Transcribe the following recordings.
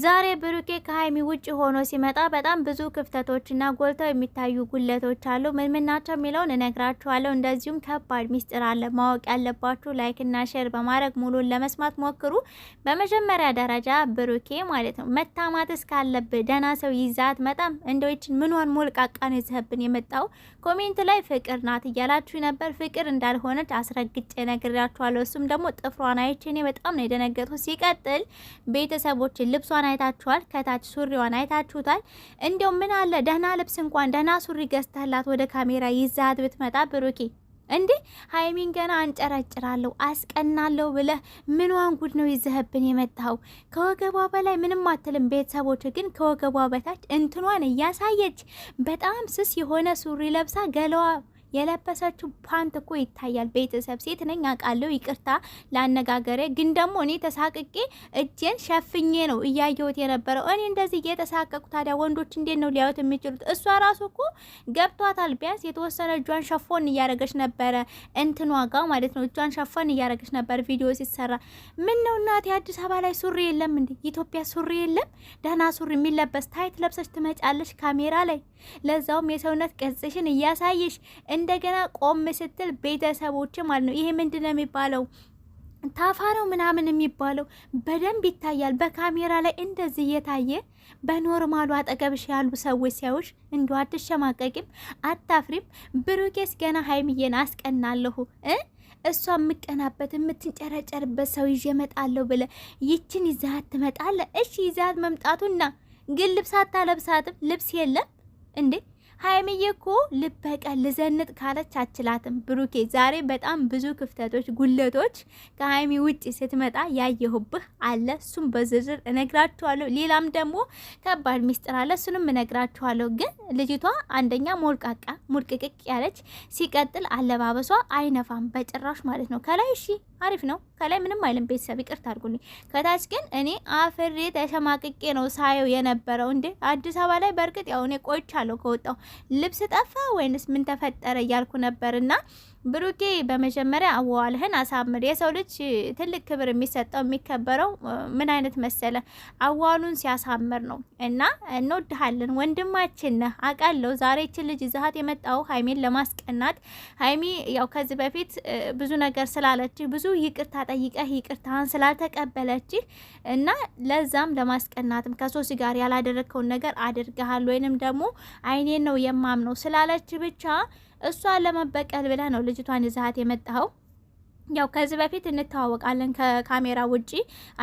ዛሬ ብሩኬ ከሀይሚ ውጭ ሆኖ ሲመጣ በጣም ብዙ ክፍተቶችና ጎልተው የሚታዩ ጉለቶች አሉ። ምን ምን ናቸው የሚለውን እነግራችኋለሁ። እንደዚሁም ከባድ ሚስጥር አለ ማወቅ ያለባችሁ። ላይክና ሼር በማድረግ ሙሉን ለመስማት ሞክሩ። በመጀመሪያ ደረጃ ብሩኬ ማለት ነው መታማት እስካለብህ ደህና ሰው ይዛት መጣም እንደችን ምንሆን ሞልቃቃን ይዘህብን የመጣው ኮሜንት ላይ ፍቅር ናት እያላችሁ ነበር። ፍቅር እንዳልሆነች አስረግጬ ነግራችኋለሁ። እሱም ደግሞ ጥፍሯን አይቼ እኔ በጣም ነው የደነገጥኩት። ሲቀጥል ቤተሰቦችን ልብሷ ልብሷን አይታችኋል። ከታች ሱሪዋን አይታችሁታል። እንዲያው ምን አለ ደህና ልብስ እንኳን ደህና ሱሪ ገዝተህላት ወደ ካሜራ ይዛት ብትመጣ ብሩኬ እንዴ ሀይሚን ገና አንጨረጭራለሁ አስቀናለሁ ብለህ ምንዋን ጉድ ነው ይዘህብን የመጣው ከወገቧ በላይ ምንም አትልም። ቤተሰቦች ግን ከወገቧ በታች እንትኗን እያሳየች በጣም ስስ የሆነ ሱሪ ለብሳ ገለዋ የለበሰችው ፓንት እኮ ይታያል። ቤተሰብ ሴት ነኝ አውቃለሁ፣ ይቅርታ ለአነጋገሬ። ግን ደግሞ እኔ ተሳቅቄ እጄን ሸፍኜ ነው እያየሁት የነበረው። እኔ እንደዚህ እየተሳቀቁ ታዲያ ወንዶች እንዴት ነው ሊያዩት የሚችሉት? እሷ ራሱ እኮ ገብቷታል። ቢያንስ የተወሰነ እጇን ሸፎን እያደረገች ነበረ፣ እንትን ዋጋ ማለት ነው። እጇን ሸፎን እያደረገች ነበር ቪዲዮ ሲሰራ። ምን ነው እናቴ አዲስ አበባ ላይ ሱሪ የለም እንዴ? ኢትዮጵያ ሱሪ የለም? ደህና ሱሪ የሚለበስ ታይት ለብሰች ትመጫለች ካሜራ ላይ፣ ለዛውም የሰውነት ቅርጽሽን እያሳየሽ እንደገና ቆም ስትል ቤተሰቦች ማለት ነው። ይሄ ምንድን ነው የሚባለው? ታፋ ነው ምናምን የሚባለው በደንብ ይታያል። በካሜራ ላይ እንደዚህ እየታየ በኖርማሉ አጠገብሽ ያሉ ሰዎች ሲያዩሽ እንዲ አትሸማቀቂም? አታፍሪም? ብሩኬስ ገና ሀይምዬን አስቀናለሁ እ እሷ የምቀናበት የምትንጨረጨርበት ሰው ይዤ እመጣለሁ ብለ ይችን ይዛት ትመጣለ። እሺ ይዛት መምጣቱና ግን ልብስ አታለብሳትም ልብስ የለም እንዴ ሀይሚዬ እኮ ልበቀል ልዘንጥ ካለች አችላትም። ብሩኬ ዛሬ በጣም ብዙ ክፍተቶች፣ ጉለቶች ከሀይሚ ውጭ ስትመጣ ያየሁብህ አለ። እሱም በዝርዝር እነግራችኋለሁ። ሌላም ደግሞ ከባድ ሚስጥር አለ፣ እሱንም እነግራችኋለሁ። ግን ልጅቷ አንደኛ ሞልቃቃ ሙልቅቅቅ ያለች ሲቀጥል አለባበሷ አይነፋም በጭራሽ ማለት ነው ከላይ እሺ አሪፍ ነው። ከላይ ምንም አይልም። ቤተሰብ ይቅርታ አድርጉልኝ። ከታች ግን እኔ አፍሬ ተሸማቅቄ ነው ሳየው የነበረው። እንዴ አዲስ አበባ ላይ በእርግጥ ያው እኔ ቆይቻለሁ ከወጣው ልብስ ጠፋ ወይንስ ምን ተፈጠረ እያልኩ ነበርና ብሩኬ በመጀመሪያ አዋዋልህን አሳምር። የሰው ልጅ ትልቅ ክብር የሚሰጠው የሚከበረው ምን አይነት መሰለ አዋሉን ሲያሳምር ነው። እና እንወድሃለን፣ ወንድማችን ነህ አውቃለሁ። ዛሬ ይችን ልጅ ይዘሃት የመጣው ሀይሜን ለማስቀናት። ሀይሚ ያው ከዚህ በፊት ብዙ ነገር ስላለች ብዙ ይቅርታ ጠይቀህ ይቅርታን ስላልተቀበለች እና ለዛም ለማስቀናትም ከሶሲ ጋር ያላደረግከውን ነገር አድርገሃል ወይንም ደግሞ አይኔን ነው የማምነው ስላለች ብቻ እሷ ለመበቀል ብላ ነው ልጅቷን ይዛሀት የመጣኸው። ያው ከዚህ በፊት እንተዋወቃለን ከካሜራ ውጪ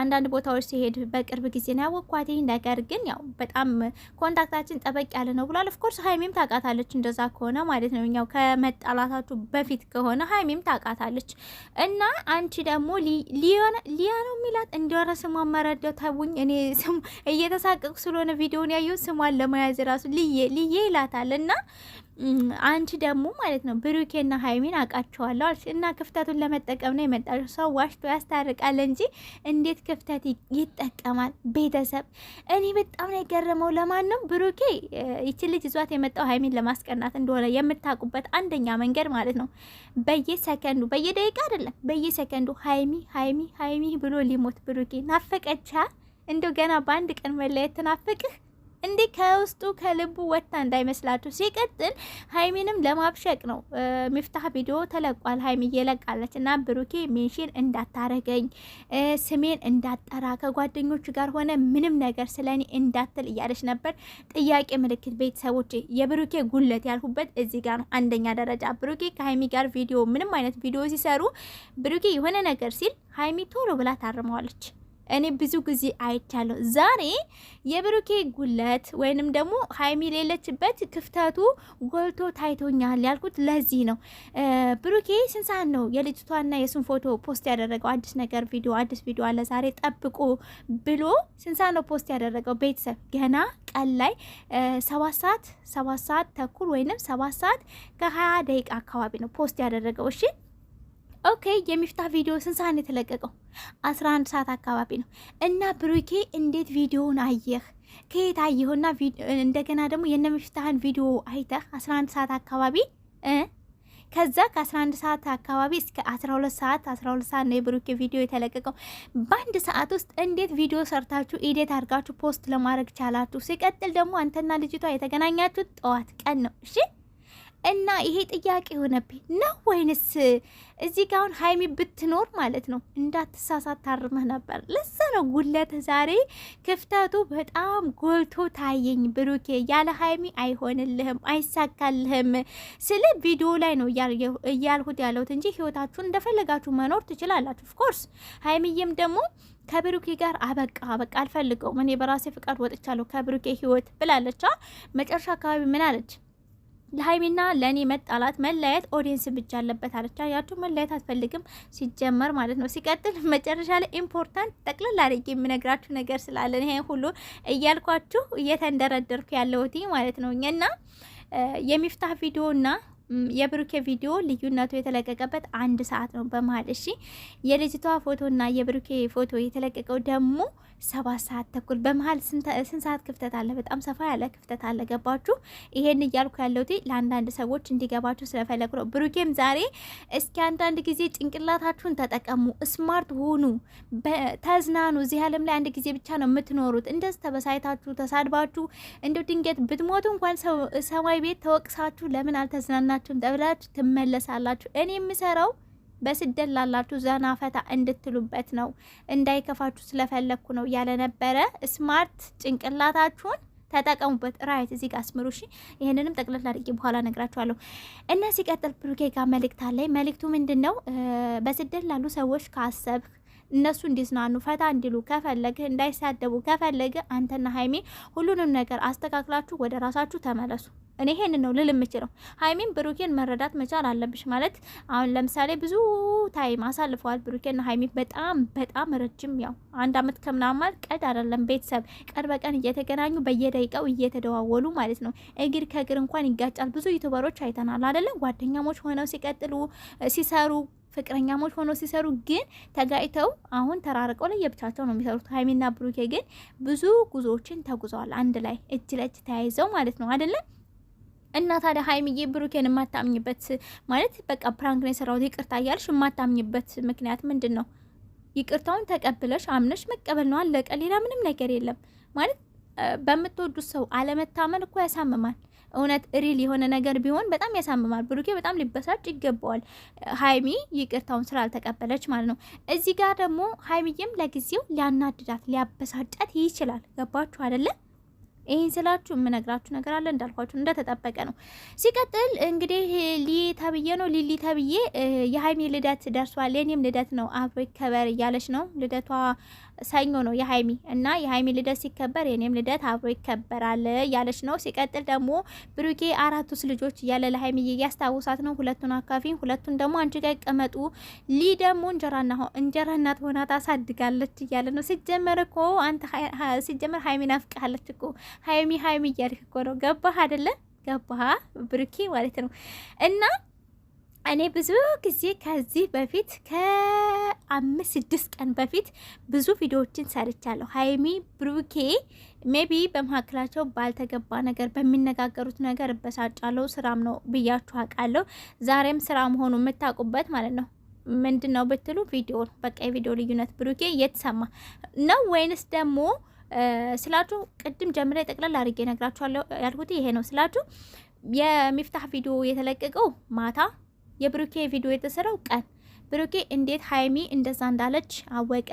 አንዳንድ ቦታዎች ሲሄድ በቅርብ ጊዜ ነው ያወቅኳት። ነገር ግን ያው በጣም ኮንታክታችን ጠበቅ ያለ ነው ብሏል። ኦፍኮርስ ሀይሚም ታውቃታለች። እንደዛ ከሆነ ማለት ነው ያው ከመጣላታቱ በፊት ከሆነ ሀይሚም ታውቃታለች። እና አንቺ ደግሞ ሊያ ነው የሚላት እንዲሆነ ስሟ መረዳው ተውኝ። እኔ ስም እየተሳቀቁ ስለሆነ ቪዲዮን ያየው ስሟን ለመያዝ ራሱ ልዬ ልዬ ይላታል እና አንቺ ደግሞ ማለት ነው ብሩኬና ሀይሚን አውቃቸዋለሁ አልሽ እና ክፍተቱን ለመጠቀም ነው የመጣችው። ሰው ዋሽቶ ያስታርቃል እንጂ እንዴት ክፍተት ይጠቀማል? ቤተሰብ እኔ በጣም ነው የገረመው። ለማን ነው ብሩኬ ይቺ ልጅ ይዟት የመጣው ሀይሚን ለማስቀናት እንደሆነ የምታውቁበት አንደኛ መንገድ ማለት ነው በየሰከንዱ በየደቂቃ አይደለም በየሰከንዱ ሀይሚ ሀይሚ ሀይሚ ብሎ ሊሞት ብሩኬ ናፈቀቻ። እንደው ገና በአንድ ቀን መለየት ትናፍቅህ እንዲህ ከውስጡ ከልቡ ወጥታ እንዳይመስላችሁ። ሲቀጥል ሀይሚንም ለማብሸቅ ነው። ሚፍታህ ቪዲዮ ተለቋል፣ ሀይሚ እየለቃለች እና ብሩኬ ሜንሽን እንዳታረገኝ፣ ስሜን እንዳጠራ፣ ከጓደኞች ጋር ሆነ ምንም ነገር ስለኔ እንዳትል እያለች ነበር። ጥያቄ ምልክት ቤተሰቦች፣ የብሩኬ ጉለት ያልኩበት እዚህ ጋር ነው። አንደኛ ደረጃ ብሩኬ ከሀይሚ ጋር ቪዲዮ ምንም አይነት ቪዲዮ ሲሰሩ ብሩኬ የሆነ ነገር ሲል ሀይሚ ቶሎ ብላ ታርመዋለች። እኔ ብዙ ጊዜ አይቻለሁ። ዛሬ የብሩኬ ጉለት ወይንም ደግሞ ሀይሚ ሌለችበት ክፍተቱ ጎልቶ ታይቶኛል ያልኩት ለዚህ ነው። ብሩኬ ስንት ሰዓት ነው የልጅቷና የሱን ፎቶ ፖስት ያደረገው? አዲስ ነገር ቪዲዮ አዲስ ቪዲዮ አለ ዛሬ ጠብቁ ብሎ ስንት ሰዓት ነው ፖስት ያደረገው? ቤተሰብ ገና ቀን ላይ ሰባት ሰዓት ሰባት ሰዓት ተኩል ወይንም ሰባት ሰዓት ከሀያ ደቂቃ አካባቢ ነው ፖስት ያደረገው። እሺ ኦኬ የሚፍታህ ቪዲዮ ስንት ሰዓት ነው የተለቀቀው? አስራ አንድ ሰዓት አካባቢ ነው። እና ብሩኬ እንዴት ቪዲዮውን አየህ? ከየት አየሁና እንደገና ደግሞ የነ ሚፍታህን ቪዲዮ አይተህ አስራ አንድ ሰዓት አካባቢ ከዛ ከ11 ሰዓት አካባቢ እስከ 12 ሰዓት 12 ሰዓት ነው የብሩኬ ቪዲዮ የተለቀቀው። በአንድ ሰዓት ውስጥ እንዴት ቪዲዮ ሰርታችሁ ኢዴት አድርጋችሁ ፖስት ለማድረግ ቻላችሁ? ሲቀጥል ደግሞ አንተና ልጅቷ የተገናኛችሁት ጠዋት ቀን ነው። እሺ እና ይሄ ጥያቄ የሆነብኝ ነው ወይንስ እዚህ ጋር አሁን ሀይሚ ብትኖር ማለት ነው እንዳትሳሳት ታርመህ ነበር። ለዛ ነው ጉለት ዛሬ ክፍተቱ በጣም ጎልቶ ታየኝ። ብሩኬ ያለ ሀይሚ አይሆንልህም፣ አይሳካልህም ስለ ቪዲዮ ላይ ነው እያልሁት ያለሁት እንጂ ህይወታችሁን እንደፈለጋችሁ መኖር ትችላላችሁ። ኦፍኮርስ ሀይሚዬም ደግሞ ከብሩኬ ጋር አበቃ በቃ አልፈልገውም እኔ በራሴ ፍቃድ ወጥቻለሁ ከብሩኬ ህይወት ብላለቻ። መጨረሻ አካባቢ ምን አለች? ለሀይሚና ለእኔ መጣላት መለያየት ኦዲየንስ ብቻ አለበት አለቻ። ያችሁ መለያየት አትፈልግም ሲጀመር ማለት ነው። ሲቀጥል መጨረሻ ላይ ኢምፖርታንት ጠቅልል አድርጌ የምነግራችሁ ነገር ስላለን ይሄ ሁሉ እያልኳችሁ እየተንደረደርኩ ያለሁት ማለት ነው እና የሚፍታህ ቪዲዮ እና የብሩኬ ቪዲዮ ልዩነቱ የተለቀቀበት አንድ ሰዓት ነው በመሀል። እሺ የልጅቷ ፎቶና የብሩኬ ፎቶ የተለቀቀው ደግሞ ሰባት ሰዓት ተኩል በመሀል ስንት ሰዓት ክፍተት አለ? በጣም ሰፋ ያለ ክፍተት አለ። ገባችሁ? ይሄን እያልኩ ያለሁት ለአንዳንድ ሰዎች እንዲገባችሁ ስለፈለኩ ነው። ብሩኬም ዛሬ እስኪ አንዳንድ ጊዜ ጭንቅላታችሁን ተጠቀሙ፣ ስማርት ሆኑ ተዝናኑ። እዚህ ዓለም ላይ አንድ ጊዜ ብቻ ነው የምትኖሩት። እንደዚህ ተበሳይታችሁ ተሳድባችሁ እንደው ድንገት ብትሞቱ እንኳን ሰማይ ቤት ተወቅሳችሁ ለምን አልተዝናና ሁላችሁም ተብላችሁ ትመለሳላችሁ። እኔ የምሰራው በስደት ላላችሁ ዘና ፈታ እንድትሉበት ነው፣ እንዳይከፋችሁ ስለፈለግኩ ነው ያለነበረ ነበረ። ስማርት ጭንቅላታችሁን ተጠቀሙበት። ራይት እዚህ ጋር አስምሩ። እሺ ይህንንም ጠቅለል አድርጌ በኋላ ነግራችኋለሁ። እና ሲቀጥል ብሩኬ ጋር መልእክት አለኝ። መልእክቱ ምንድን ነው? በስደት ላሉ ሰዎች ካሰብክ እነሱ እንዲዝናኑ ፈታ እንዲሉ ከፈለገ እንዳይሳደቡ ከፈለገ አንተና ሀይሜ ሁሉንም ነገር አስተካክላችሁ ወደ ራሳችሁ ተመለሱ። እኔ ይሄንን ነው ልል የምችለው። ሀይሚን ብሩኬን መረዳት መቻል አለብሽ ማለት አሁን ለምሳሌ ብዙ ታይም አሳልፈዋል ብሩኬና ሀይሚ በጣም በጣም ረጅም ያው አንድ አመት ከምናምን ማለት ቀድ አይደለም። ቤተሰብ ቀን በቀን እየተገናኙ በየደቂቃው እየተደዋወሉ ማለት ነው። እግር ከእግር እንኳን ይጋጫል። ብዙ ዩቱበሮች አይተናል አይደለም። ጓደኛሞች ሆነው ሲቀጥሉ ሲሰሩ ፍቅረኛሞች ሆነው ሲሰሩ ግን ተጋጭተው አሁን ተራርቀው ላይ የብቻቸው ነው የሚሰሩት። ሀይሚና ብሩኬ ግን ብዙ ጉዞዎችን ተጉዘዋል አንድ ላይ እጅ ለእጅ ተያይዘው ማለት ነው አይደለም እና ታዲያ ሀይሚዬ ብሩኬን የማታምኝበት ማለት በቃ ፕራንክ ነው የሰራሁት ይቅርታ እያልሽ የማታምኝበት ምክንያት ምንድን ነው? ይቅርታውን ተቀብለሽ አምነሽ መቀበል ነው፣ አለቀ። ሌላ ምንም ነገር የለም። ማለት በምትወዱት ሰው አለመታመን እኮ ያሳምማል። እውነት ሪል የሆነ ነገር ቢሆን በጣም ያሳምማል። ብሩኬ በጣም ሊበሳጭ ይገባዋል፣ ሀይሚ ይቅርታውን ስላልተቀበለች ማለት ነው። እዚህ ጋር ደግሞ ሀይሚዬም ለጊዜው ሊያናድዳት ሊያበሳጫት ይችላል። ገባችሁ አይደለም? ይህን ስላችሁ የምነግራችሁ ነገር አለ እንዳልኳችሁ እንደተጠበቀ ነው። ሲቀጥል እንግዲህ ሊ ተብዬ ነው ሊሊ ተብዬ የሀይሜ ልደት ደርሷል፣ የኔም ልደት ነው አብሪ ከበር እያለች ነው ልደቷ ሰኞ ነው የሀይሚ እና የሀይሚ ልደት ሲከበር የኔም ልደት አብሮ ይከበራል እያለች ነው። ሲቀጥል ደግሞ ብሩኬ አራቱስ ልጆች እያለ ለሀይሚ እያስታውሳት ነው። ሁለቱን አካፊ፣ ሁለቱን ደግሞ አንቺ ጋር ይቀመጡ ሊ ደግሞ እንጀራና እንጀራ እናት ሆና ታሳድጋለች እያለ ነው። ሲጀመር እኮ አንተ ሲጀመር ሀይሚ ናፍቃለች እኮ ሀይሚ ሀይሚ እያልክ እኮ ነው። ገባህ አይደለ? ገባህ ብሩኬ ማለት ነው እና እኔ ብዙ ጊዜ ከዚህ በፊት ከአምስት ስድስት ቀን በፊት ብዙ ቪዲዮዎችን ሰርቻለሁ። ሀይሚ ብሩኬ ሜቢ በመካከላቸው ባልተገባ ነገር በሚነጋገሩት ነገር እበሳጫለሁ፣ ስራም ነው ብያችሁ አውቃለሁ። ዛሬም ስራ መሆኑ የምታውቁበት ማለት ነው። ምንድን ነው ብትሉ ቪዲዮ በቃ የቪዲዮ ልዩነት ብሩኬ የተሰማ ነው ወይንስ ደግሞ ስላችሁ ቅድም ጀምሬ ጠቅላላ አድርጌ ነግራችኋለሁ ያልኩት ይሄ ነው ስላችሁ የሚፍታህ ቪዲዮ የተለቀቀው ማታ የብሩኬ ቪዲዮ የተሰራው ቀን ብሩኬ እንዴት ሀይሚ እንደዛ እንዳለች አወቀ።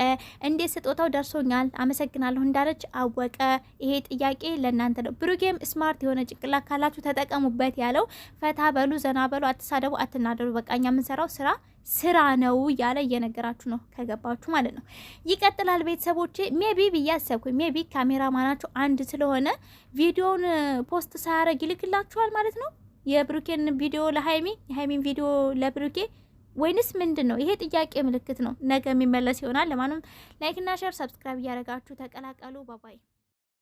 እንዴት ስጦታው ደርሶኛል አመሰግናለሁ እንዳለች አወቀ። ይሄ ጥያቄ ለእናንተ ነው። ብሩኬም ስማርት የሆነ ጭንቅላት ካላችሁ ተጠቀሙበት ያለው ፈታ በሉ፣ ዘና በሉ፣ አትሳደቡ፣ አትናደሩ፣ በቃ እኛ የምንሰራው ስራ ስራ ነው እያለ እየነገራችሁ ነው፣ ከገባችሁ ማለት ነው። ይቀጥላል ቤተሰቦቼ። ሜቢ ብዬ አሰብኩኝ። ሜቢ ካሜራ አንድ ስለሆነ ቪዲዮውን ፖስት ሳያደርግ ይልክላችኋል ማለት ነው። የብሩኬን ቪዲዮ ለሀይሚ የሀይሚን ቪዲዮ ለብሩኬ ወይንስ ምንድን ነው? ይሄ ጥያቄ ምልክት ነው። ነገ የሚመለስ ይሆናል። ለማንም ላይክና ሸር ሰብስክራይብ እያደረጋችሁ ተቀላቀሉ። ባባይ